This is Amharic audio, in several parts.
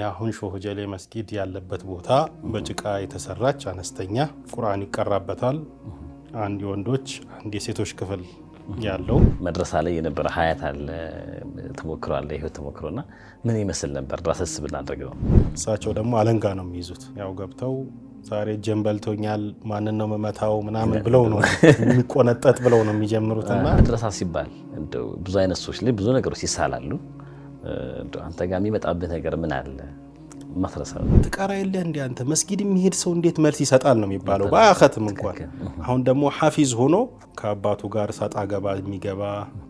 የአሁን ሾህ ጀሌ መስጊድ ያለበት ቦታ በጭቃ የተሰራች አነስተኛ ቁርአን ይቀራበታል። አንድ የወንዶች አንድ የሴቶች ክፍል ያለው መድረሳ ላይ የነበረ ሀያት አለ ተሞክሮ አለ የህይወት ተሞክሮ እና ምን ይመስል ነበር? ራሰስ ብናደርግ ነው። እሳቸው ደግሞ አለንጋ ነው የሚይዙት። ያው ገብተው ዛሬ እጄን በልቶኛል፣ ማንን ነው መመታው ምናምን ብለው ነው የሚቆነጠጥ ብለው ነው የሚጀምሩት። እና መድረሳ ሲባል ብዙ አይነት ሰዎች ላይ ብዙ ነገሮች ይሳላሉ አንተ ጋር የሚመጣብህ ነገር ምን አለ? ማስረሳ ትቀራ የለ እንዲ አንተ መስጊድ የሚሄድ ሰው እንዴት መልስ ይሰጣል ነው የሚባለው፣ በአኸትም እንኳን አሁን ደግሞ ሐፊዝ ሆኖ ከአባቱ ጋር ሳጣ ገባ የሚገባ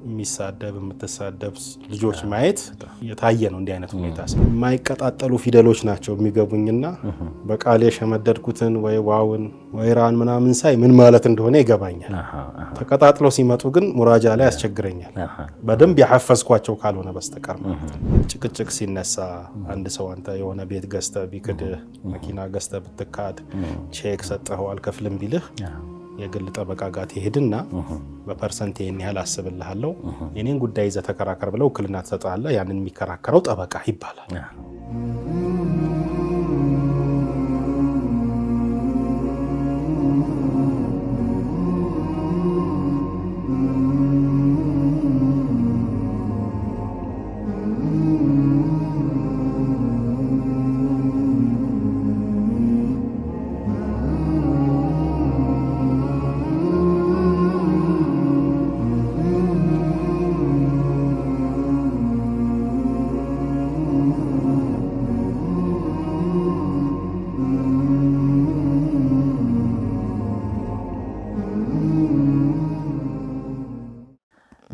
የሚሳደብ የምትሳደብ ልጆች ማየት የታየ ነው። እንዲህ አይነት ሁኔታ የማይቀጣጠሉ ፊደሎች ናቸው የሚገቡኝና በቃል የሸመደድኩትን ወይ ዋውን ወይራን ምናምን ሳይ ምን ማለት እንደሆነ ይገባኛል። ተቀጣጥለው ሲመጡ ግን ሙራጃ ላይ ያስቸግረኛል፣ በደንብ ያሐፈዝኳቸው ካልሆነ በስተቀር ጭቅጭቅ ሲነሳ አንድ ሰው አንተ የሆነ ቤት ገዝተ ቢክድህ፣ መኪና ገዝተ ብትካድ፣ ቼክ ሰጠኸው አልከፍልም ቢልህ የግል ጠበቃ ጋር ትሄድና በፐርሰንት ይህን ያህል አስብልሃለሁ የኔን ጉዳይ ይዘህ ተከራከር ብለው ውክልና ትሰጣለህ። ያንን የሚከራከረው ጠበቃ ይባላል።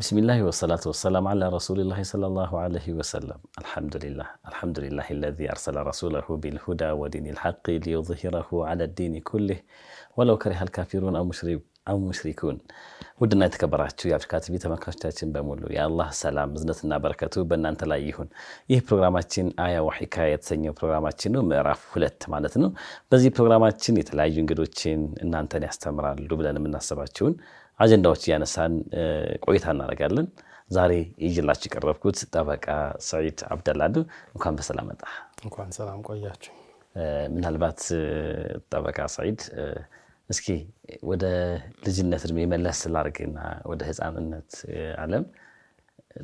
ብስሚላህ ወሰላት ወሰላም ዓላ ረሱሊላህ ሰለላሁ ዓለይሂ ወሰለም። አልሐምዱሊላህ አልሐምዱሊላህ ለዚ አርሰለ ረሱለሁ ቢልሁዳ ወዲኒል ሐቂ ሊዩዝሂረሁ ዓላ ዲኒ ኩሊህ ወለው ከሪሀል ካፊሩን አው ሙሽሪኩን። ውድና የተከበራችሁ የአፍሪካ ቲቪ ተመልካቾቻችን በሙሉ የአላህ ሰላም እዝነትና በረከቱ በእናንተ ላይ ይሁን። ይህ ፕሮግራማችን አያ ወሒካያ የተሰኘው ፕሮግራማችን ነው፣ ምዕራፍ ሁለት ማለት ነው። በዚህ ፕሮግራማችን የተለያዩ እንግዶችን እናንተን ያስተምራሉ ብለን የምናስባችሁን አጀንዳዎች እያነሳን ቆይታ እናደርጋለን። ዛሬ ይዤላችሁ የቀረብኩት ጠበቃ ሰዒድ አብደላሉ፣ እንኳን በሰላም መጣ። እንኳን ሰላም ቆያችሁ። ምናልባት ጠበቃ ሰዒድ እስኪ ወደ ልጅነት እድሜ መለስ ስላርግና ወደ ህፃንነት አለም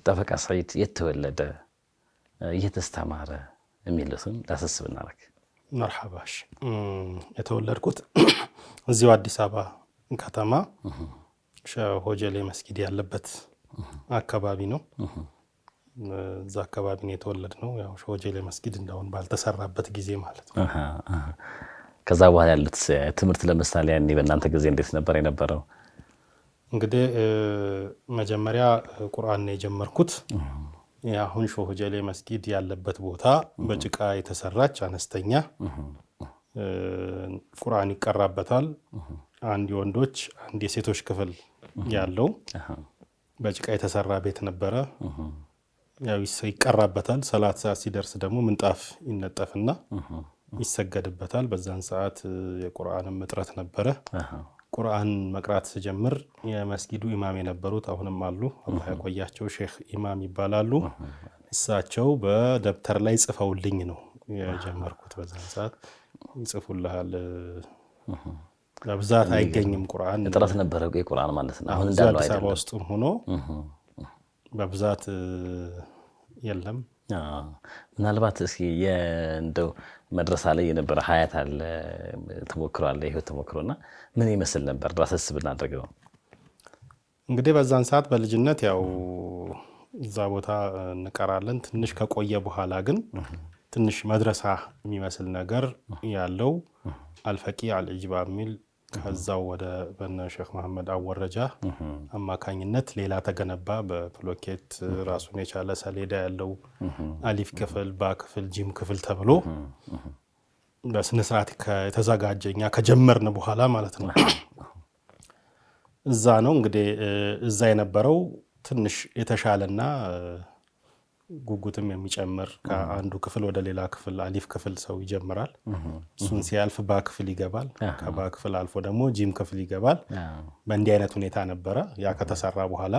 ጠበቃ ሰዒድ የተወለደ እየተስተማረ የሚሉትን ዳሰስ እናረግ። መርሓባሽ የተወለድኩት እዚሁ አዲስ አበባ ከተማ ሆጀሌ መስጊድ ያለበት አካባቢ ነው። እዛ አካባቢ ነው የተወለድ ነው። ያው ሆጀሌ መስጊድ እንደሁን ባልተሰራበት ጊዜ ማለት ነው። ከዛ በኋላ ያሉት ትምህርት ለምሳሌ ያኔ በእናንተ ጊዜ እንዴት ነበር የነበረው? እንግዲህ መጀመሪያ ቁርአን ነው የጀመርኩት። የአሁን ሾሆጀሌ መስጊድ ያለበት ቦታ በጭቃ የተሰራች አነስተኛ ቁርአን ይቀራበታል። አንድ የወንዶች አንድ የሴቶች ክፍል ያለው በጭቃ የተሰራ ቤት ነበረ። ያው ይቀራበታል። ሰላት ሰዓት ሲደርስ ደግሞ ምንጣፍ ይነጠፍና ይሰገድበታል። በዛን ሰዓት የቁርአንም እጥረት ነበረ። ቁርአን መቅራት ስጀምር የመስጊዱ ኢማም የነበሩት አሁንም አሉ፣ አላህ ያቆያቸው፣ ሼክ ኢማም ይባላሉ። እሳቸው በደብተር ላይ ጽፈውልኝ ነው የጀመርኩት። በዛን ሰዓት ይጽፉልሃል በብዛት አይገኝም። ቁርአን እጥረት ነበረ ቁርአን ማለት ነው። አሁን እንዳለው አዲስ አበባ ውስጥም ሆኖ በብዛት የለም። ምናልባት እስኪ እንደው መድረሳ ላይ የነበረ ሀያት አለ ተሞክሮ አለ የህይወት ተሞክሮ እና ምን ይመስል ነበር? ራሰስ ነው እንግዲህ በዛን ሰዓት በልጅነት ያው እዛ ቦታ እንቀራለን። ትንሽ ከቆየ በኋላ ግን ትንሽ መድረሳ የሚመስል ነገር ያለው አልፈቂ አልእጅባ የሚል ከዛው ወደ በነ ሼክ መሐመድ አወረጃ አማካኝነት ሌላ ተገነባ። በፕሎኬት ራሱን የቻለ ሰሌዳ ያለው አሊፍ ክፍል፣ ባ ክፍል፣ ጂም ክፍል ተብሎ በስነስርዓት ከተዘጋጀ እኛ ከጀመርን በኋላ ማለት ነው። እዛ ነው እንግዲህ እዛ የነበረው ትንሽ የተሻለና ጉጉትም የሚጨምር ከአንዱ ክፍል ወደ ሌላ ክፍል አሊፍ ክፍል ሰው ይጀምራል። እሱን ሲያልፍ ባ ክፍል ይገባል። ከባ ክፍል አልፎ ደግሞ ጂም ክፍል ይገባል። በእንዲህ አይነት ሁኔታ ነበረ። ያ ከተሰራ በኋላ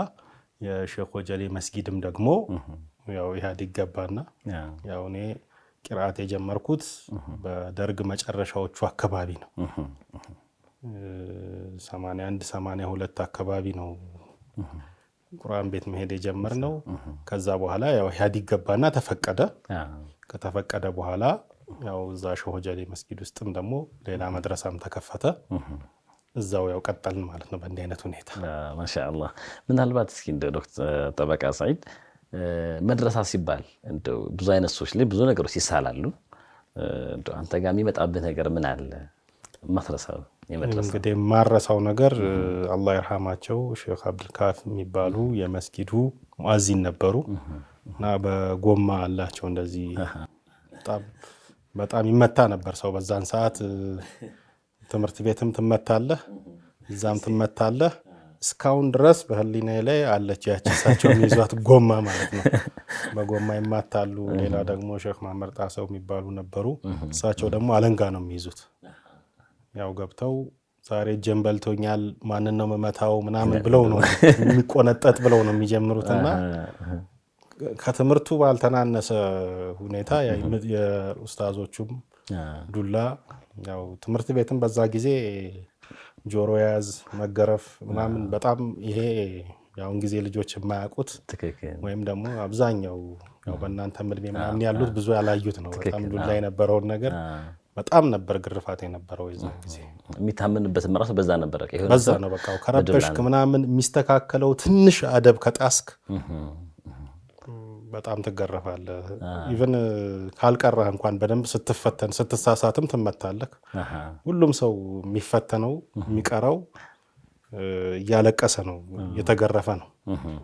የሼክ ወጀሌ መስጊድም ደግሞ ያው ኢህአዴግ ገባና ያው እኔ ቅርአት የጀመርኩት በደርግ መጨረሻዎቹ አካባቢ ነው። 81 አንድ አካባቢ ነው ቁርአን ቤት መሄድ የጀመርነው ከዛ በኋላ ያው ኢህአዲግ ገባና ተፈቀደ። ከተፈቀደ በኋላ ያው እዛ ሾሆጀሌ መስጊድ ውስጥም ደግሞ ሌላ መድረሳም ተከፈተ። እዛው ያው ቀጠልን ማለት ነው በእንዲህ አይነት ሁኔታ። ማሻአላህ። ምናልባት እስኪ እንደ ዶክተር ጠበቃ ሳይድ መድረሳ ሲባል እንደው ብዙ አይነት ሰዎች ላይ ብዙ ነገሮች ይሳላሉ። አንተ ጋር የሚመጣብህ ነገር ምን አለ? ማትረሳው እንግዲህ የማረሳው ነገር አላህ ይርሃማቸው ሼክ አብድልካፍ የሚባሉ የመስጊዱ ሙአዚን ነበሩ እና በጎማ አላቸው እንደዚህ በጣም ይመታ ነበር ሰው በዛን ሰዓት። ትምህርት ቤትም ትመታለህ፣ እዛም ትመታለህ። እስካሁን ድረስ በህሊና ላይ አለች ያቺ እሳቸው የሚይዟት ጎማ ማለት ነው። በጎማ ይማታሉ። ሌላ ደግሞ ሼክ ማመር ጣሰው የሚባሉ ነበሩ። እሳቸው ደግሞ አለንጋ ነው የሚይዙት። ያው ገብተው ዛሬ እጄን በልቶኛል፣ ማንን ነው መመታው ምናምን ብለው ነው የሚቆነጠጥ ብለው ነው የሚጀምሩት እና ከትምህርቱ ባልተናነሰ ሁኔታ የኡስታዞቹም ዱላ ያው ትምህርት ቤትም በዛ ጊዜ ጆሮ ያዝ መገረፍ ምናምን በጣም ይሄ የአሁን ጊዜ ልጆች የማያውቁት ወይም ደግሞ አብዛኛው በእናንተ ምድሜ ምናምን ያሉት ብዙ ያላዩት ነው። በጣም ዱላ የነበረውን ነገር በጣም ነበር ግርፋት የነበረው የዛ ጊዜ የሚታምንበትም ራሱ በዛ ነበረ በዛ ነው በቃ ከረበሽክ ምናምን የሚስተካከለው ትንሽ አደብ ከጣስክ በጣም ትገረፋለህ። ኢቨን ካልቀረህ እንኳን በደንብ ስትፈተን ስትሳሳትም ትመታለህ። ሁሉም ሰው የሚፈተነው የሚቀረው እያለቀሰ ነው፣ እየተገረፈ ነው።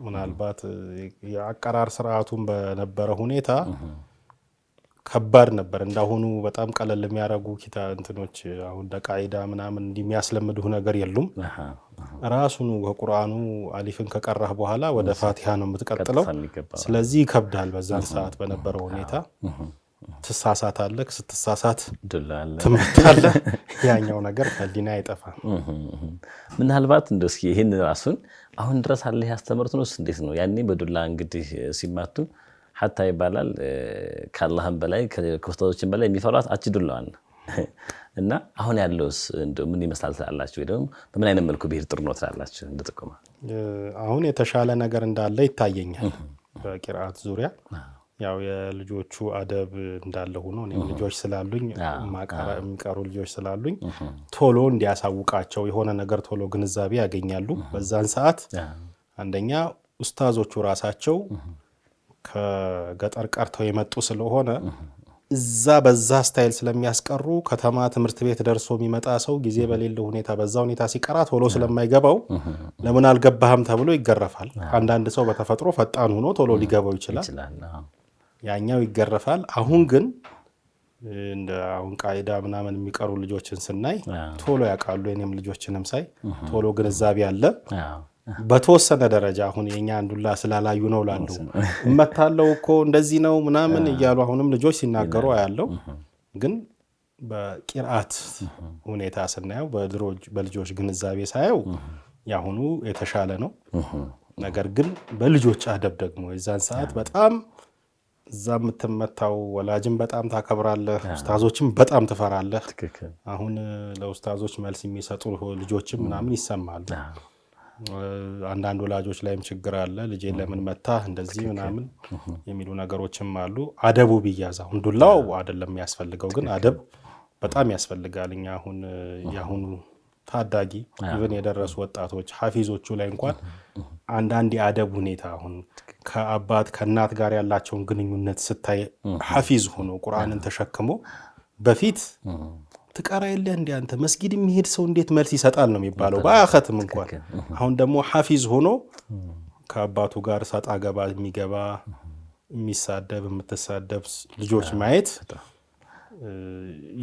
ምናልባት የአቀራር ስርዓቱን በነበረ ሁኔታ ከባድ ነበር። እንዳሁኑ በጣም ቀለል የሚያደርጉ ኪታ እንትኖች አሁን እንደ ቃዒዳ ምናምን እንደሚያስለምድህ ነገር የሉም። ራሱኑ ከቁርአኑ አሊፍን ከቀራህ በኋላ ወደ ፋቲሃ ነው የምትቀጥለው። ስለዚህ ይከብዳል። በዛን ሰዓት በነበረው ሁኔታ ትሳሳት ትሳሳታለህ። ስትሳሳት ትምህርታለህ። ያኛው ነገር ከሊና አይጠፋም። ምናልባት እንደ እስኪ ይህን ራሱን አሁን ድረስ አለ ያስተምርት ነው እንዴት ነው ያኔ በዱላ እንግዲህ ሲማቱ ሐታ ይባላል ከአላህም በላይ ከክፍተቶችን በላይ የሚፈሯት አችዱላዋን እና አሁን ያለውስ ምን ይመስላል ትላላችሁ? ወይ ደግሞ በምን አይነት መልኩ ብሄድ ጥሩ ነው ትላላችሁ? እንደጥቆማ አሁን የተሻለ ነገር እንዳለ ይታየኛል። በቂርአት ዙሪያ ያው የልጆቹ አደብ እንዳለ ሆኖ ልጆች ስላሉኝ የሚቀሩ ልጆች ስላሉኝ ቶሎ እንዲያሳውቃቸው የሆነ ነገር ቶሎ ግንዛቤ ያገኛሉ። በዛን ሰዓት አንደኛ ኡስታዞቹ ራሳቸው ከገጠር ቀርተው የመጡ ስለሆነ እዛ በዛ ስታይል ስለሚያስቀሩ ከተማ ትምህርት ቤት ደርሶ የሚመጣ ሰው ጊዜ በሌለ ሁኔታ በዛ ሁኔታ ሲቀራ ቶሎ ስለማይገባው ለምን አልገባህም ተብሎ ይገረፋል። አንዳንድ ሰው በተፈጥሮ ፈጣን ሆኖ ቶሎ ሊገባው ይችላል፣ ያኛው ይገረፋል። አሁን ግን እንደ አሁን ቃይዳ ምናምን የሚቀሩ ልጆችን ስናይ ቶሎ ያውቃሉ። የኔም ልጆችንም ሳይ ቶሎ ግንዛቤ አለ። በተወሰነ ደረጃ አሁን የኛ አንዱላ ስላላዩ ነው ላሉ እመታለው እኮ እንደዚህ ነው ምናምን እያሉ አሁንም ልጆች ሲናገሩ አያለው። ግን በቂርአት ሁኔታ ስናየው በልጆች ግንዛቤ ሳየው የአሁኑ የተሻለ ነው። ነገር ግን በልጆች አደብ ደግሞ የዛን ሰዓት በጣም እዛ የምትመታው ወላጅን በጣም ታከብራለህ፣ ኡስታዞችን በጣም ትፈራለህ። አሁን ለኡስታዞች መልስ የሚሰጡ ልጆችም ምናምን ይሰማሉ። አንዳንድ ወላጆች ላይም ችግር አለ። ልጄ ለምን መታ እንደዚህ ምናምን የሚሉ ነገሮችም አሉ። አደቡ ቢያዝ አሁን ዱላው አይደለም የሚያስፈልገው፣ ግን አደብ በጣም ያስፈልጋል። እኛ አሁን የአሁኑ ታዳጊ ኢቨን የደረሱ ወጣቶች ሀፊዞቹ ላይ እንኳን አንዳንድ የአደብ ሁኔታ አሁን ከአባት ከእናት ጋር ያላቸውን ግንኙነት ስታይ ሀፊዝ ሆኖ ቁርአንን ተሸክሞ በፊት ትቀራ የለ እንዲ አንተ መስጊድ የሚሄድ ሰው እንዴት መልስ ይሰጣል ነው የሚባለው። በአኸትም እንኳን አሁን ደግሞ ሐፊዝ ሆኖ ከአባቱ ጋር ሰጣ ገባ የሚገባ የሚሳደብ የምትሳደብ ልጆች ማየት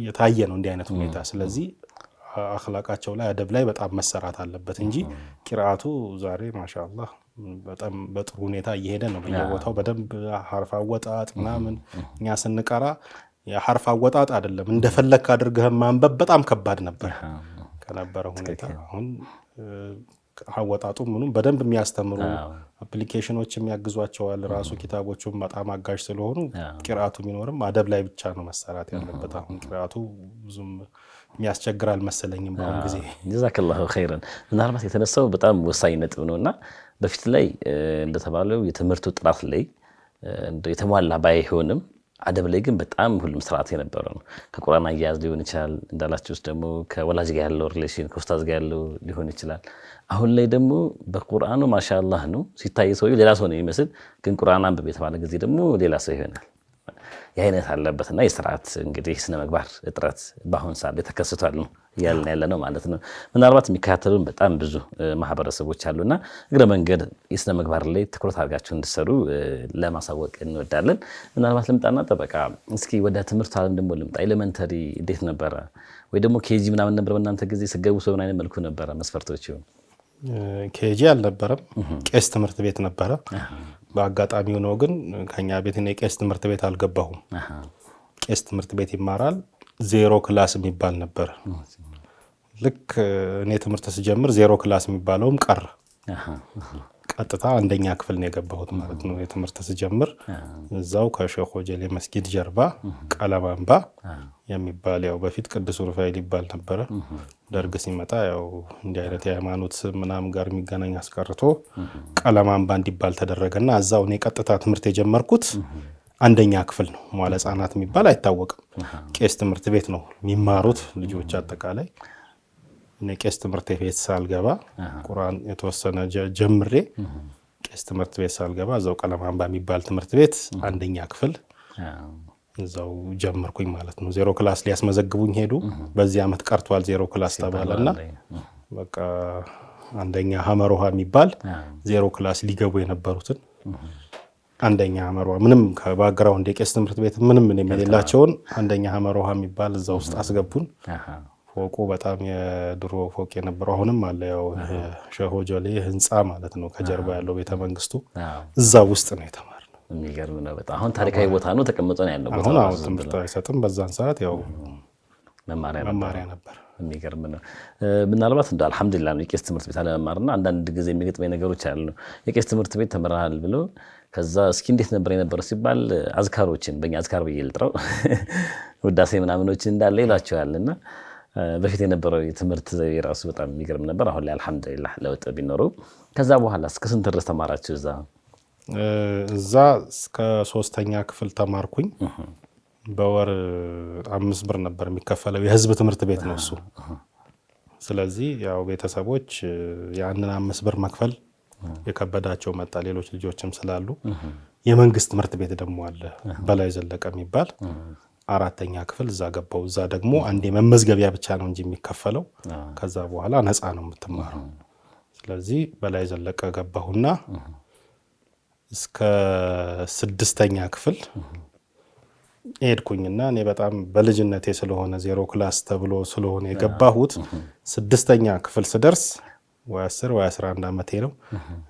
የታየ ነው እንዲህ አይነት ሁኔታ። ስለዚህ አክላቃቸው ላይ አደብ ላይ በጣም መሰራት አለበት እንጂ ቂርአቱ ዛሬ ማሻአላህ በጣም በጥሩ ሁኔታ እየሄደ ነው። በየቦታው በደንብ ሀርፍ አወጣጥ ምናምን እኛ ስንቀራ የሐርፍ አወጣጥ አይደለም እንደፈለግ አድርገህ ማንበብ በጣም ከባድ ነበር ከነበረ ሁኔታ። አሁን አወጣጡ ምኑም በደንብ የሚያስተምሩ አፕሊኬሽኖች የሚያግዟቸዋል። ራሱ ኪታቦቹ በጣም አጋዥ ስለሆኑ ቅርአቱ ቢኖርም አደብ ላይ ብቻ ነው መሰራት ያለበት። አሁን ቅርአቱ ብዙም የሚያስቸግር አልመሰለኝም በአሁኑ ጊዜ። ጀዛከላሁ ኸይረን። ምናልባት የተነሳው በጣም ወሳኝ ነጥብ ነው እና በፊት ላይ እንደተባለው የትምህርቱ ጥራት ላይ የተሟላ ባይሆንም አደብ ላይ ግን በጣም ሁሉም ስርዓት የነበረ ነው። ከቁርአን አያያዝ ሊሆን ይችላል እንዳላቸው ውስጥ ደግሞ ከወላጅ ጋር ያለው ሪሌሽን ከኡስታዝ ጋር ያለው ሊሆን ይችላል። አሁን ላይ ደግሞ በቁርአኑ ማሻላህ ነው ሲታይ ሰው ሌላ ሰው ነው የሚመስል፣ ግን ቁርአን አንብብ የተባለ ጊዜ ደግሞ ሌላ ሰው ይሆናል። የአይነት አለበትና የስርዓት እንግዲህ ስነመግባር እጥረት በአሁን ሰዓት ላይ ተከስቷል ነው እያለን ያለ ነው ማለት ነው። ምናልባት የሚከታተሉን በጣም ብዙ ማህበረሰቦች አሉና እግረ መንገድ የስነ ምግባር ላይ ትኩረት አድርጋችሁ እንድሰሩ ለማሳወቅ እንወዳለን። ምናልባት ልምጣና ጠበቃ እስኪ ወደ ትምህርቱ አለም ደግሞ ልምጣ። ኤሌመንተሪ እንዴት ነበረ? ወይ ደግሞ ኬጂ ምናምን ነበረ? በእናንተ ጊዜ ስገቡ ሰው ምን አይነት መልኩ ነበረ? መስፈርቶች ኬጂ አልነበረም፣ ቄስ ትምህርት ቤት ነበረ። በአጋጣሚ ሆኖ ግን ከኛ ቤት ቄስ ትምህርት ቤት አልገባሁም። ቄስ ትምህርት ቤት ይማራል ዜሮ ክላስ የሚባል ነበር። ልክ እኔ ትምህርት ስጀምር ዜሮ ክላስ የሚባለውም ቀረ። ቀጥታ አንደኛ ክፍል ነው የገባሁት ማለት ነው። የትምህርት ስጀምር እዛው ከሼህ ጀሌ መስጊድ ጀርባ ቀለማንባ የሚባል ያው በፊት ቅዱስ ሩፋኤል ይባል ነበረ። ደርግ ሲመጣ ያው እንዲህ አይነት የሃይማኖት ምናም ጋር የሚገናኝ አስቀርቶ ቀለማንባ እንዲባል ተደረገና እዛው እኔ ቀጥታ ትምህርት የጀመርኩት አንደኛ ክፍል ነው። መዋለ ህጻናት የሚባል አይታወቅም። ቄስ ትምህርት ቤት ነው የሚማሩት ልጆች አጠቃላይ። ቄስ ትምህርት ቤት ሳልገባ ቁርአን የተወሰነ ጀምሬ ቄስ ትምህርት ቤት ሳልገባ እዛው ቀለማንባ የሚባል ትምህርት ቤት አንደኛ ክፍል እዛው ጀምርኩኝ ማለት ነው። ዜሮ ክላስ ሊያስመዘግቡኝ ሄዱ። በዚህ ዓመት ቀርቷል ዜሮ ክላስ ተባለና በቃ አንደኛ ሀመር ውሃ የሚባል ዜሮ ክላስ ሊገቡ የነበሩትን አንደኛ ሀመር ውሃ ምንም ከባግራውንድ የቄስ ትምህርት ቤት ምንም ምን የሌላቸውን አንደኛ ሀመር ውሃ የሚባል እዛ ውስጥ አስገቡን። ፎቁ በጣም የድሮ ፎቅ የነበረው አሁንም አለ፣ ያው ሸሆ ጆሌ ህንፃ ማለት ነው። ከጀርባ ያለው ቤተ መንግስቱ እዛ ውስጥ ነው የተማርነው። የሚገርም ነው በጣም አሁን ታሪካዊ ቦታ ነው፣ ተቀምጦ ነው ያለው ቦታ። አሁን ትምህርት አይሰጥም፣ በዛን ሰዓት ያው መማሪያ ነበር። የሚገርም ነው። ምናልባት እንደ አልሐምዱሊላ ነው የቄስ ትምህርት ቤት አለመማርና አንዳንድ ጊዜ የሚገጥመኝ ነገሮች አሉ። የቄስ ትምህርት ቤት ተምረሃል ብሎ ከዛ እስኪ እንዴት ነበር የነበረው ሲባል አዝካሮችን በእኛ አዝካር ብዬ ልጥረው ውዳሴ ምናምኖችን እንዳለ ይሏቸዋል እና በፊት የነበረው የትምህርት ዘዬ ራሱ በጣም የሚገርም ነበር። አሁን ላይ አልሐምዱሊላ ለውጥ ቢኖረው። ከዛ በኋላ እስከ ስንት ድረስ ተማራችሁ እዛ? እዛ እስከ ሶስተኛ ክፍል ተማርኩኝ። በወር አምስት ብር ነበር የሚከፈለው። የህዝብ ትምህርት ቤት ነው እሱ። ስለዚህ ያው ቤተሰቦች ያንን አምስት ብር መክፈል የከበዳቸው መጣ። ሌሎች ልጆችም ስላሉ የመንግስት ትምህርት ቤት ደግሞ አለ በላይ ዘለቀ የሚባል አራተኛ ክፍል እዛ ገባው። እዛ ደግሞ አንዴ መመዝገቢያ ብቻ ነው እንጂ የሚከፈለው ከዛ በኋላ ነፃ ነው የምትማረው። ስለዚህ በላይ ዘለቀ ገባሁና እስከ ስድስተኛ ክፍል ሄድኩኝና እኔ በጣም በልጅነቴ ስለሆነ ዜሮ ክላስ ተብሎ ስለሆነ የገባሁት ስድስተኛ ክፍል ስደርስ ወይ 10 ወይ 11 ዓመቴ ነው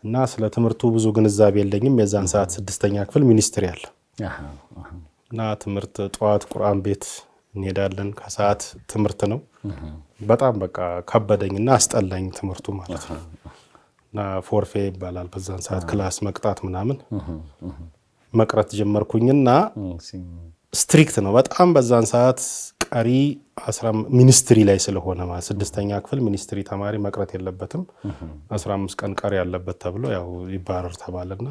እና ስለ ትምህርቱ ብዙ ግንዛቤ የለኝም። የዛን ሰዓት ስድስተኛ ክፍል ሚኒስትሪ አለ እና ትምህርት ጠዋት ቁርአን ቤት እንሄዳለን። ከሰዓት ትምህርት ነው። በጣም በቃ ከበደኝና አስጠላኝ ትምህርቱ ማለት ነው እና ፎርፌ ይባላል በዛን ሰዓት ክላስ መቅጣት ምናምን መቅረት ጀመርኩኝና ስትሪክት ነው በጣም በዛን ሰዓት ቀሪ ሚኒስትሪ ላይ ስለሆነ ማለት ስድስተኛ ክፍል ሚኒስትሪ ተማሪ መቅረት የለበትም፣ 15 ቀን ቀሪ ያለበት ተብሎ ያው ይባረር ተባለና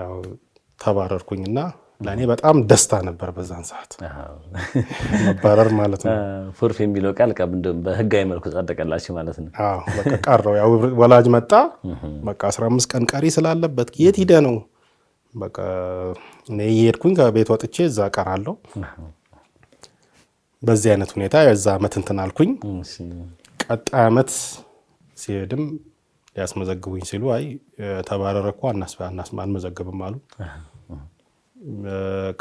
ያው ተባረርኩኝና ለእኔ በጣም ደስታ ነበር በዛን ሰዓት መባረር ማለት ነው። ፉርፍ የሚለው ቃል በህጋዊ መልኩ ጸደቀላችሁ ማለት ነው። ቀረው ያው ወላጅ መጣ በቃ 15 ቀን ቀሪ ስላለበት የት ሂደ ነው በቃ እየሄድኩኝ ከቤት ወጥቼ እዛ ቀራለሁ። በዚህ አይነት ሁኔታ የዛ አመት እንትን አልኩኝ። ቀጣይ ሲሄድም ሊያስመዘግቡኝ ሲሉ አይ ተባረረ እኮ አንመዘግብም አሉ።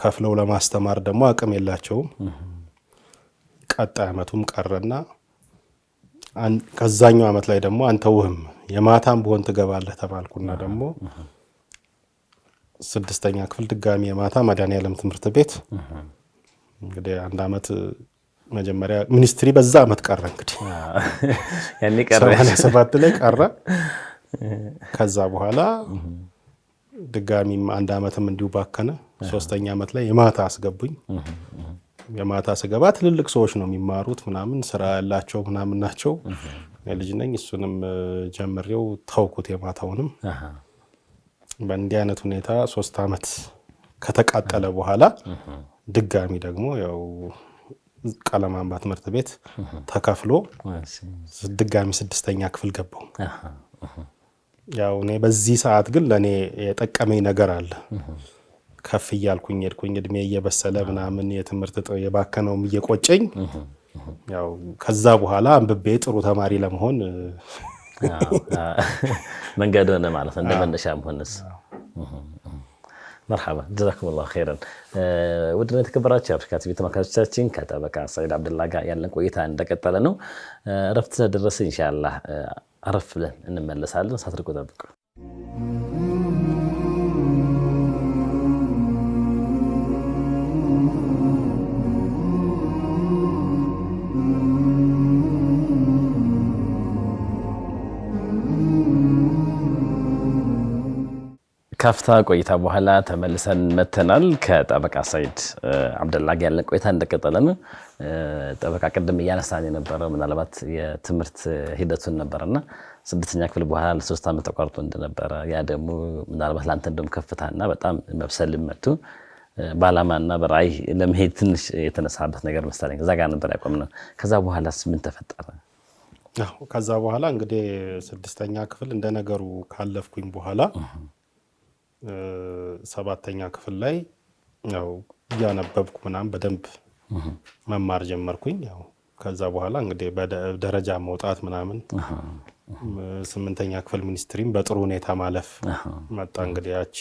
ከፍለው ለማስተማር ደግሞ አቅም የላቸውም። ቀጣይ አመቱም ቀረና ከዛኛው አመት ላይ ደግሞ አንተውህም የማታም ብሆን ትገባለህ ተባልኩና ደግሞ ስድስተኛ ክፍል ድጋሚ የማታ መድኃኔዓለም ትምህርት ቤት እንግዲህ አንድ አመት መጀመሪያ ሚኒስትሪ በዛ አመት ቀረ እንግዲህ ሰማንያ ሰባት ላይ ቀረ። ከዛ በኋላ ድጋሚም አንድ አመትም እንዲሁ ባከነ። ሶስተኛ አመት ላይ የማታ አስገቡኝ። የማታ ስገባ ትልልቅ ሰዎች ነው የሚማሩት ምናምን ስራ ያላቸው ምናምን ናቸው። ልጅ ነኝ። እሱንም ጀምሬው ተውኩት የማታውንም በእንዲህ አይነት ሁኔታ ሶስት ዓመት ከተቃጠለ በኋላ ድጋሚ ደግሞ ያው ቃለም አምባ ትምህርት ቤት ተከፍሎ ድጋሚ ስድስተኛ ክፍል ገባው። ያው እኔ በዚህ ሰዓት ግን ለእኔ የጠቀመኝ ነገር አለ። ከፍ እያልኩኝ ሄድኩኝ፣ እድሜ እየበሰለ ምናምን የትምህርት የባከነውም እየቆጨኝ፣ ያው ከዛ በኋላ አንብቤ ጥሩ ተማሪ ለመሆን መንገድ ሆነ ማለት እንደ መነሻ መሆንስ መርሓባ ላ ኸይረን። ውድና የተከበራቸው የአፍሪካ ቲቪ ተመልካቾቻችን ከጠበቃ ሰዒድ አብደላ ጋር ያለን ቆይታ እንደቀጠለ ነው። እረፍት ደረስ እንሻላ አረፍ ብለን እንመለሳለን። ሳትርቁ ጠብቁ። ካፍታ ቆይታ በኋላ ተመልሰን መተናል። ከጠበቃ ሰይድ አብደላ ጋር ያለን ቆይታ እንደቀጠለ ነው። ጠበቃ ቅድም እያነሳን የነበረው ምናልባት የትምህርት ሂደቱን ነበረና ስድስተኛ ክፍል በኋላ ለሶስት ዓመት ተቋርጦ እንደነበረ ያ ደግሞ ምናልባት ለአንተ እንደውም ከፍታና በጣም መብሰል መጥቶ በዓላማና በራዕይ ለመሄድ ትንሽ የተነሳበት ነገር መሰለኝ። ከዛ ጋር ነበር ያቆም ነው። ከዛ በኋላስ ምን ተፈጠረ? ከዛ በኋላ እንግዲህ ስድስተኛ ክፍል እንደነገሩ ካለፍኩኝ በኋላ ሰባተኛ ክፍል ላይ ያው እያነበብኩ ምናምን በደንብ መማር ጀመርኩኝ። ያው ከዛ በኋላ እንግዲህ በደረጃ መውጣት ምናምን ስምንተኛ ክፍል ሚኒስትሪም በጥሩ ሁኔታ ማለፍ መጣ። እንግዲህ ያቺ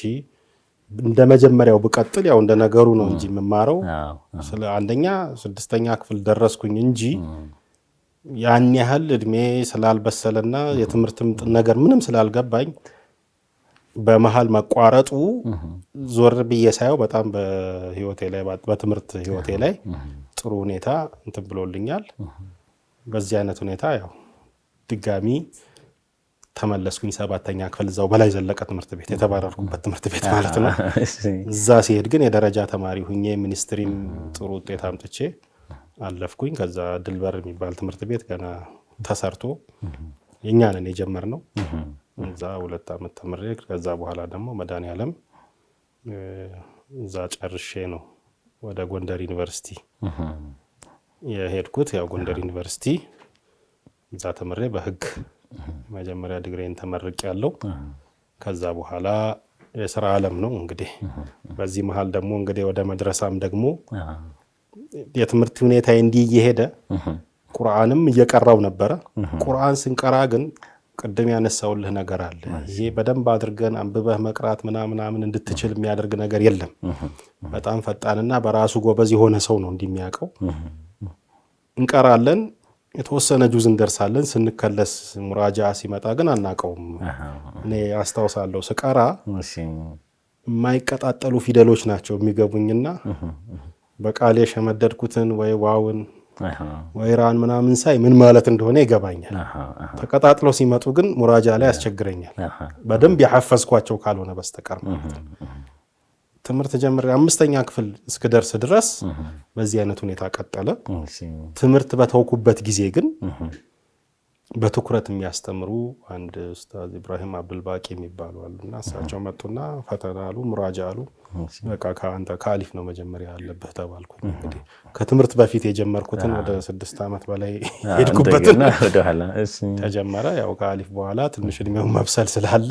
እንደ መጀመሪያው ብቀጥል ያው እንደ ነገሩ ነው እንጂ የምማረው ስለ አንደኛ ስድስተኛ ክፍል ደረስኩኝ እንጂ ያን ያህል እድሜ ስላልበሰለና የትምህርትም ነገር ምንም ስላልገባኝ በመሀል መቋረጡ ዞር ብዬ ሳየው በጣም በህይወቴ ላይ በትምህርት ህይወቴ ላይ ጥሩ ሁኔታ እንትን ብሎልኛል። በዚህ አይነት ሁኔታ ያው ድጋሚ ተመለስኩኝ። ሰባተኛ ክፍል እዛው በላይ ዘለቀ ትምህርት ቤት የተባረርኩበት ትምህርት ቤት ማለት ነው። እዛ ሲሄድ ግን የደረጃ ተማሪ ሁኜ ሚኒስትሪም ጥሩ ውጤት አምጥቼ አለፍኩኝ። ከዛ ድልበር የሚባል ትምህርት ቤት ገና ተሰርቶ የጀመር የጀመርነው እዛ ሁለት ዓመት ተምሬ ከዛ በኋላ ደግሞ መድኃኔዓለም እዛ ጨርሼ ነው ወደ ጎንደር ዩኒቨርሲቲ የሄድኩት። ያው ጎንደር ዩኒቨርሲቲ እዛ ተምሬ በህግ መጀመሪያ ድግሬን ተመርቅ ያለው ከዛ በኋላ የስራ ዓለም ነው እንግዲህ። በዚህ መሀል ደግሞ እንግዲህ ወደ መድረሳም ደግሞ የትምህርት ሁኔታ እንዲህ እየሄደ ቁርአንም እየቀራው ነበረ። ቁርአን ስንቀራ ግን ቅድም ያነሳውልህ ነገር አለ። ይሄ በደንብ አድርገን አንብበህ መቅራት ምናምናምን እንድትችል የሚያደርግ ነገር የለም። በጣም ፈጣንና በራሱ ጎበዝ የሆነ ሰው ነው እንደሚያውቀው። እንቀራለን፣ የተወሰነ ጁዝ እንደርሳለን። ስንከለስ ሙራጃ ሲመጣ ግን አናውቀውም። እኔ አስታውሳለሁ ስቀራ የማይቀጣጠሉ ፊደሎች ናቸው የሚገቡኝና በቃል የሸመደድኩትን ወይ ዋውን ወይራን ምናምን ሳይ ምን ማለት እንደሆነ ይገባኛል። ተቀጣጥለው ሲመጡ ግን ሙራጃ ላይ ያስቸግረኛል፣ በደንብ ያሐፈዝኳቸው ካልሆነ በስተቀር ትምህርት ጀምሬ አምስተኛ ክፍል እስክደርስ ድረስ በዚህ አይነት ሁኔታ ቀጠለ። ትምህርት በተውኩበት ጊዜ ግን በትኩረት የሚያስተምሩ አንድ ኡስታዝ ኢብራሂም አብዱልባቂ የሚባሉ አሉና እሳቸው መጡና ፈተና አሉ፣ ሙራጃ አሉ። በቃ ከአንተ ከአሊፍ ነው መጀመሪያ ያለብህ ተባልኩኝ። እንግዲህ ከትምህርት በፊት የጀመርኩትን ወደ ስድስት ዓመት በላይ ሄድኩበትን ተጀመረ። ያው ከአሊፍ በኋላ ትንሽ እድሜው መብሰል ስላለ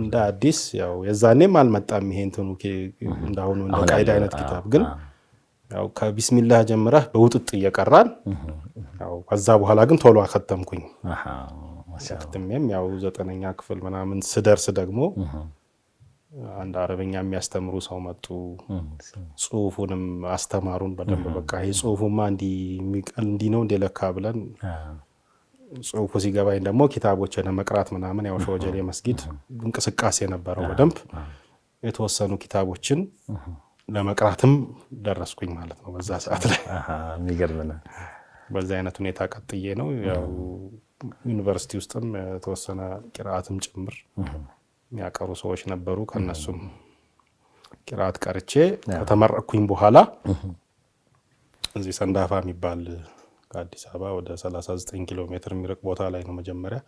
እንደ አዲስ ያው የዛኔም አልመጣም ይሄ እንትኑ እንዳሁኑ እንደ ቃይድ አይነት ኪታብ ግን ያው ከቢስሚላህ ጀምረህ በውጥጥ እየቀራል። ከዛ በኋላ ግን ቶሎ አከተምኩኝ። አክትሜም ያው ዘጠነኛ ክፍል ምናምን ስደርስ ደግሞ አንድ አረበኛ የሚያስተምሩ ሰው መጡ። ጽሁፉንም አስተማሩን በደንብ በቃ ይህ ጽሁፉማ እንዲህ ነው እንዲለካ ብለን ጽሁፉ ሲገባኝ ደግሞ ኪታቦችን መቅራት ምናምን ያው ሸወጀሌ መስጊድ እንቅስቃሴ ነበረው በደንብ የተወሰኑ ኪታቦችን ለመቅራትም ደረስኩኝ ማለት ነው። በዛ ሰዓት ላይ የሚገርም ነው። አይነት ሁኔታ ቀጥዬ ነው ያው ዩኒቨርሲቲ ውስጥም የተወሰነ ቂርአትም ጭምር የሚያቀሩ ሰዎች ነበሩ። ከነሱም ቂርአት ቀርቼ ከተመረቅኩኝ በኋላ እዚህ ሰንዳፋ የሚባል ከአዲስ አበባ ወደ 39 ኪሎ ሜትር የሚርቅ ቦታ ላይ ነው መጀመሪያ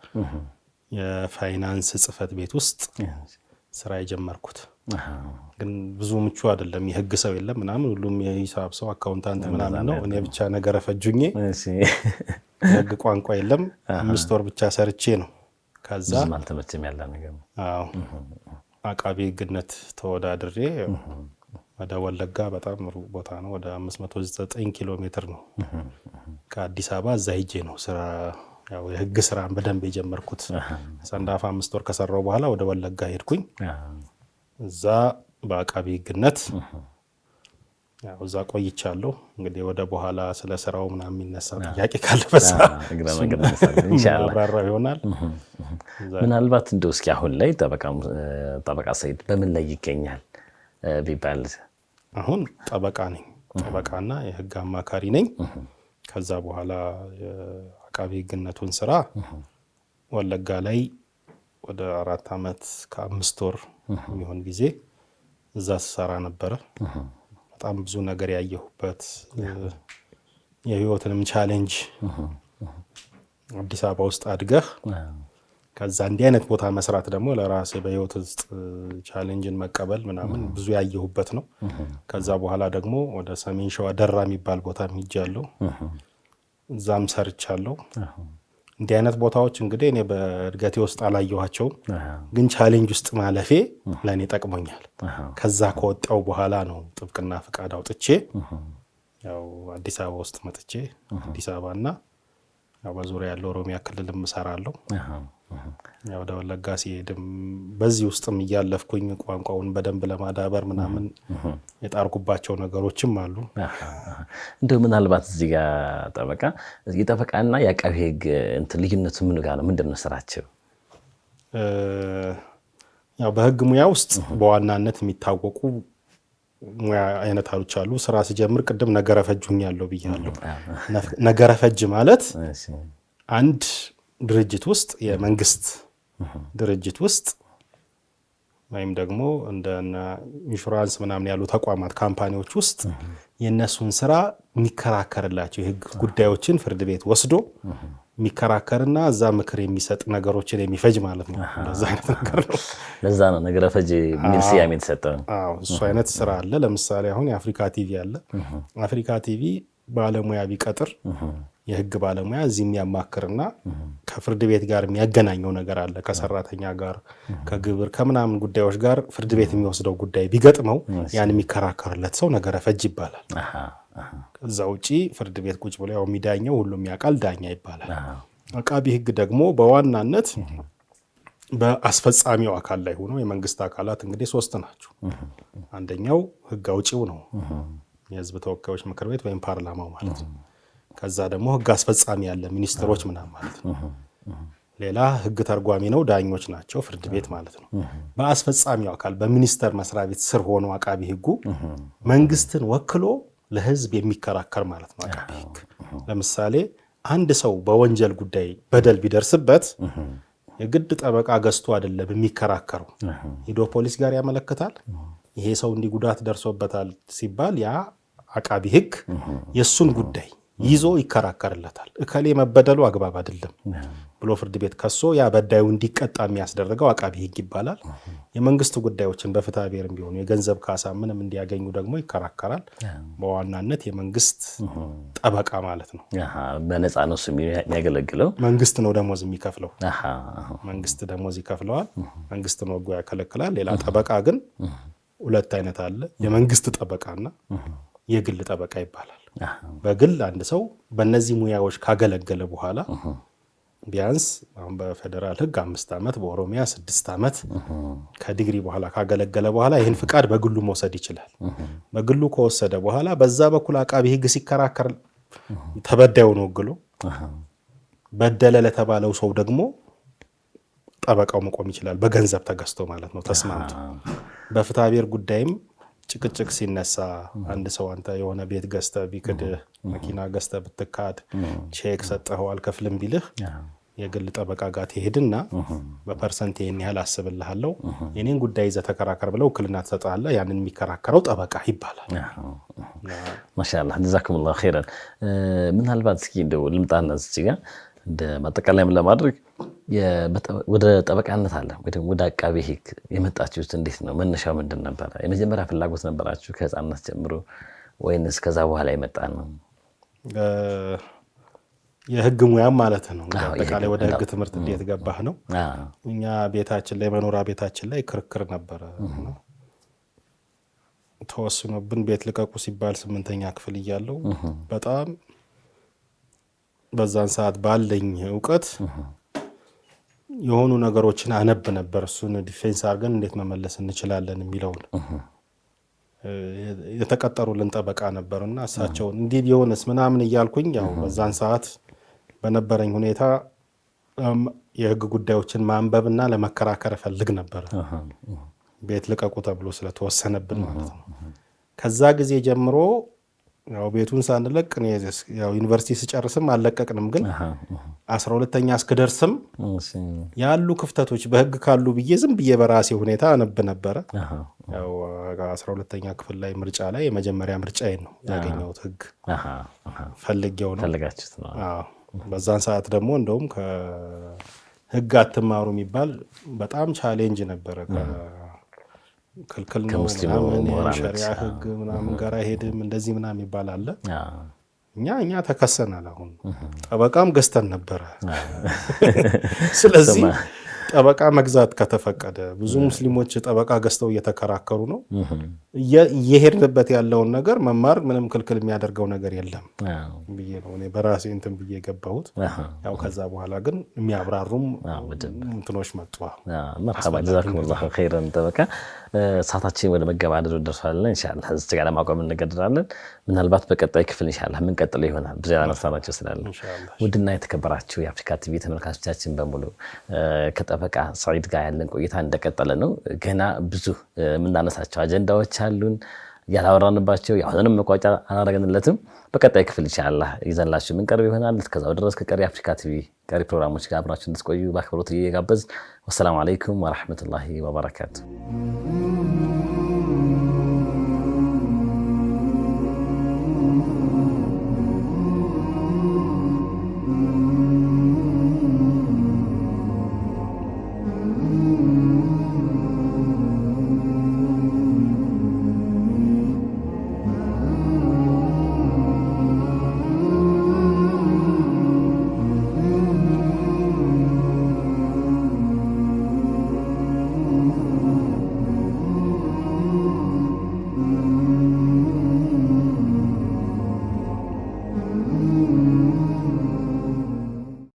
የፋይናንስ ጽህፈት ቤት ውስጥ ስራ የጀመርኩት። ግን ብዙ ምቹ አይደለም። የህግ ሰው የለም ምናምን፣ ሁሉም የሂሳብ ሰው አካውንታንት ምናምን ነው። እኔ ብቻ ነገር ፈጁኝ። የህግ ቋንቋ የለም። አምስት ወር ብቻ ሰርቼ ነው ከዛ አልተመቸም ያለ ነገር ነው። አቃቢ ህግነት ተወዳድሬ ወደ ወለጋ በጣም ሩቅ ቦታ ነው። ወደ 509 ኪሎ ሜትር ነው ከአዲስ አበባ እዛ ሂጄ ነው ስራ የህግ ስራን በደንብ የጀመርኩት። ሰንዳፋ አምስት ወር ከሰራው በኋላ ወደ ወለጋ ሄድኩኝ። እዛ በአቃቢ ህግነት ያው እዛ ቆይቻለሁ። እንግዲህ ወደ በኋላ ስለ ስራው ምናምን የሚነሳ ጥያቄ ካለበሳ አብራራው ይሆናል። ምናልባት እንደ እስኪ አሁን ላይ ጠበቃ ሰይድ በምን ላይ ይገኛል ቢባል፣ አሁን ጠበቃ ነኝ። ጠበቃና የህግ አማካሪ ነኝ። ከዛ በኋላ አቃቢ ህግነቱን ስራ ወለጋ ላይ ወደ አራት ዓመት ከአምስት ወር የሚሆን ጊዜ እዛ ስሰራ ነበረ። በጣም ብዙ ነገር ያየሁበት የህይወትንም ቻሌንጅ አዲስ አበባ ውስጥ አድገህ ከዛ እንዲህ አይነት ቦታ መስራት ደግሞ ለራሴ በህይወት ውስጥ ቻሌንጅን መቀበል ምናምን ብዙ ያየሁበት ነው። ከዛ በኋላ ደግሞ ወደ ሰሜን ሸዋ ደራ የሚባል ቦታ ሄጃለሁ። እዛም አለው። እንዲህ አይነት ቦታዎች እንግዲህ እኔ በእድገቴ ውስጥ አላየኋቸውም፣ ግን ቻሌንጅ ውስጥ ማለፌ ለእኔ ጠቅሞኛል። ከዛ ከወጣው በኋላ ነው ጥብቅና ፍቃድ አውጥቼ ያው አዲስ አበባ ውስጥ መጥቼ አዲስ አበባ እና በዙሪያ ያለው ኦሮሚያ ክልል እሰራለሁ። ወደ ወለጋ ሲሄድም በዚህ ውስጥም እያለፍኩኝ ቋንቋውን በደንብ ለማዳበር ምናምን የጣርኩባቸው ነገሮችም አሉ። እንደው ምናልባት እዚህ ጋር ጠበቃ የጠበቃና የአቃቢ ሕግ እንትን ልዩነቱ ምን ጋር ነው? ምንድን ነው ስራቸው? ያው በህግ ሙያ ውስጥ በዋናነት የሚታወቁ ሙያ አይነቶች አሉ። ስራ ሲጀምር ቅድም ነገረፈጁኝ ያለው ብያለሁ። ነገረፈጅ ማለት አንድ ድርጅት ውስጥ የመንግስት ድርጅት ውስጥ ወይም ደግሞ እንደ ኢንሹራንስ ምናምን ያሉ ተቋማት ካምፓኒዎች ውስጥ የእነሱን ስራ የሚከራከርላቸው የህግ ጉዳዮችን ፍርድ ቤት ወስዶ የሚከራከርና እዛ ምክር የሚሰጥ ነገሮችን የሚፈጅ ማለት ነው። እንደዛ አይነት ነገር ነው። ለዛ ነው ነገረ ፈጅ የሚል ስያሜ የተሰጠው። እሱ አይነት ስራ አለ። ለምሳሌ አሁን የአፍሪካ ቲቪ አለ። አፍሪካ ቲቪ ባለሙያ ቢቀጥር የህግ ባለሙያ እዚህ የሚያማክርና ከፍርድ ቤት ጋር የሚያገናኘው ነገር አለ። ከሰራተኛ ጋር ከግብር ከምናምን ጉዳዮች ጋር ፍርድ ቤት የሚወስደው ጉዳይ ቢገጥመው ያን የሚከራከርለት ሰው ነገረ ፈጅ ይባላል። ከዛ ውጪ ፍርድ ቤት ቁጭ ብሎ ያው የሚዳኘው ሁሉም ያውቃል ዳኛ ይባላል። አቃቢ ሕግ ደግሞ በዋናነት በአስፈጻሚው አካል ላይ ሆኖ የመንግስት አካላት እንግዲህ ሶስት ናቸው። አንደኛው ሕግ አውጪው ነው፣ የህዝብ ተወካዮች ምክር ቤት ወይም ፓርላማው ማለት ነው። ከዛ ደግሞ ህግ አስፈጻሚ ያለ ሚኒስትሮች ምናምን ማለት ነው። ሌላ ህግ ተርጓሚ ነው፣ ዳኞች ናቸው፣ ፍርድ ቤት ማለት ነው። በአስፈጻሚው አካል በሚኒስቴር መስሪያ ቤት ስር ሆኖ አቃቢ ህጉ መንግስትን ወክሎ ለህዝብ የሚከራከር ማለት ነው። አቃቢ ህግ ለምሳሌ አንድ ሰው በወንጀል ጉዳይ በደል ቢደርስበት የግድ ጠበቃ ገዝቶ አይደለም የሚከራከረው። ሂዶ ፖሊስ ጋር ያመለክታል። ይሄ ሰው እንዲህ ጉዳት ደርሶበታል ሲባል ያ አቃቢ ህግ የእሱን ጉዳይ ይዞ ይከራከርለታል። እከሌ መበደሉ አግባብ አይደለም ብሎ ፍርድ ቤት ከሶ ያ በዳዩ እንዲቀጣ የሚያስደረገው አቃቢ ህግ ይባላል። የመንግስት ጉዳዮችን በፍትሐ ብሔር ቢሆኑ የገንዘብ ካሳ ምንም እንዲያገኙ ደግሞ ይከራከራል። በዋናነት የመንግስት ጠበቃ ማለት ነው። በነፃ ነው የሚያገለግለው። መንግስት ነው ደሞዝ የሚከፍለው። መንግስት ደሞዝ ይከፍለዋል። መንግስት ነው ሕጉ ያከለክላል። ሌላ ጠበቃ ግን ሁለት አይነት አለ። የመንግስት ጠበቃና የግል ጠበቃ ይባላል። በግል አንድ ሰው በእነዚህ ሙያዎች ካገለገለ በኋላ ቢያንስ አሁን በፌዴራል ህግ አምስት ዓመት በኦሮሚያ ስድስት ዓመት ከዲግሪ በኋላ ካገለገለ በኋላ ይህን ፍቃድ በግሉ መውሰድ ይችላል። በግሉ ከወሰደ በኋላ በዛ በኩል አቃቢ ህግ ሲከራከር ተበዳዩን ወግሎ በደለ ለተባለው ሰው ደግሞ ጠበቃው መቆም ይችላል። በገንዘብ ተገዝቶ ማለት ነው ተስማምቶ በፍትሐ ብሔር ጉዳይም ጭቅጭቅ ሲነሳ አንድ ሰው አንተ የሆነ ቤት ገዝተ ቢክድህ፣ መኪና ገዝተ ብትካድ፣ ቼክ ሰጠኸው አልከፍልም ቢልህ የግል ጠበቃ ጋር ትሄድና በፐርሰንት ይህን ያህል አስብልሃለው የኔን ጉዳይ ይዘህ ተከራከር ብለው ውክልና ትሰጥሃለህ። ያንን የሚከራከረው ጠበቃ ይባላል። ማሻላ ጀዛኩም ላ ረን ምናልባት እስኪ ልምጣና እዚህ ጋር እንደ ማጠቃለያም ለማድረግ ወደ ጠበቃነት አለ ወይም ወደ አቃቢ ህግ የመጣችሁት እንዴት ነው? መነሻው ምንድን ነበረ? የመጀመሪያ ፍላጎት ነበራችሁ ከህፃንነት ጀምሮ ወይንስ ከዛ በኋላ የመጣ ነው? የህግ ሙያም ማለት ነው። አጠቃላይ ወደ ህግ ትምህርት እንዴት ገባህ ነው። እኛ ቤታችን ላይ መኖሪያ ቤታችን ላይ ክርክር ነበረ ተወስኖብን ቤት ልቀቁ ሲባል ስምንተኛ ክፍል እያለው በጣም በዛን ሰዓት ባለኝ እውቀት የሆኑ ነገሮችን አነብ ነበር። እሱን ዲፌንስ አድርገን እንዴት መመለስ እንችላለን የሚለውን የተቀጠሩልን ጠበቃ ነበር እና እሳቸውን እንዲህ ሊሆንስ ምናምን እያልኩኝ ያው በዛን ሰዓት በነበረኝ ሁኔታ የህግ ጉዳዮችን እና ለመከራከር እፈልግ ነበር። ቤት ልቀቁ ተብሎ ስለተወሰነብን ማለት ነው። ከዛ ጊዜ ጀምሮ ያው ቤቱን ሳንለቅ ያው ዩኒቨርሲቲ ስጨርስም አልለቀቅንም፣ ግን አስራ ሁለተኛ እስክደርስም ያሉ ክፍተቶች በህግ ካሉ ብዬ ዝም ብዬ በራሴ ሁኔታ አነብ ነበረ። አስራ ሁለተኛ ክፍል ላይ ምርጫ ላይ የመጀመሪያ ምርጫዬን ነው ያገኘሁት። ህግ ፈልጌው ነው። በዛን ሰዓት ደግሞ እንደውም ከህግ አትማሩ የሚባል በጣም ቻሌንጅ ነበረ ክልክል ነው ሸሪዓ ህግ ምናምን ጋር አይሄድም እንደዚህ ምናምን ይባላል። እኛ እኛ ተከሰናል። አሁን ጠበቃም ገዝተን ነበረ። ስለዚህ ጠበቃ መግዛት ከተፈቀደ ብዙ ሙስሊሞች ጠበቃ ገዝተው እየተከራከሩ ነው። እየሄድንበት ያለውን ነገር መማር ምንም ክልክል የሚያደርገው ነገር የለም ብዬ ነው እኔ በራሴ እንትን ብዬ የገባሁት። ያው ከዛ በኋላ ግን የሚያብራሩም እንትኖች መጡ። ጠበቃ። ሰዓታችን ወደ መገባደዱ ደርሷልና ኢንሻላህ እዚህ ጋር ለማቆም እንገድራለን። ምናልባት በቀጣይ ክፍል እንሻላ የምንቀጥለው ይሆናል ብዙ ያላነሳናቸው ስላለ። ውድና የተከበራችሁ የአፍሪካ ቲቪ ተመልካቾቻችን በሙሉ ከጠበቃ ሰዒድ ጋር ያለን ቆይታ እንደቀጠለ ነው። ገና ብዙ የምናነሳቸው አጀንዳዎች አሉን ያላወራንባቸው የአሁኑንም መቋጫ አላረገንለትም። በቀጣይ ክፍል ኢንሻላህ ይዘንላችሁ የምንቀርብ ይሆናል። እስከዛው ድረስ ከቀሪ የአፍሪካ ቲቪ ቀሪ ፕሮግራሞች ጋር አብራችሁ እንድትቆዩ በአክብሮት እየጋበዝ ወሰላሙ አለይኩም ወረሕመቱላሂ ወበረካቱ።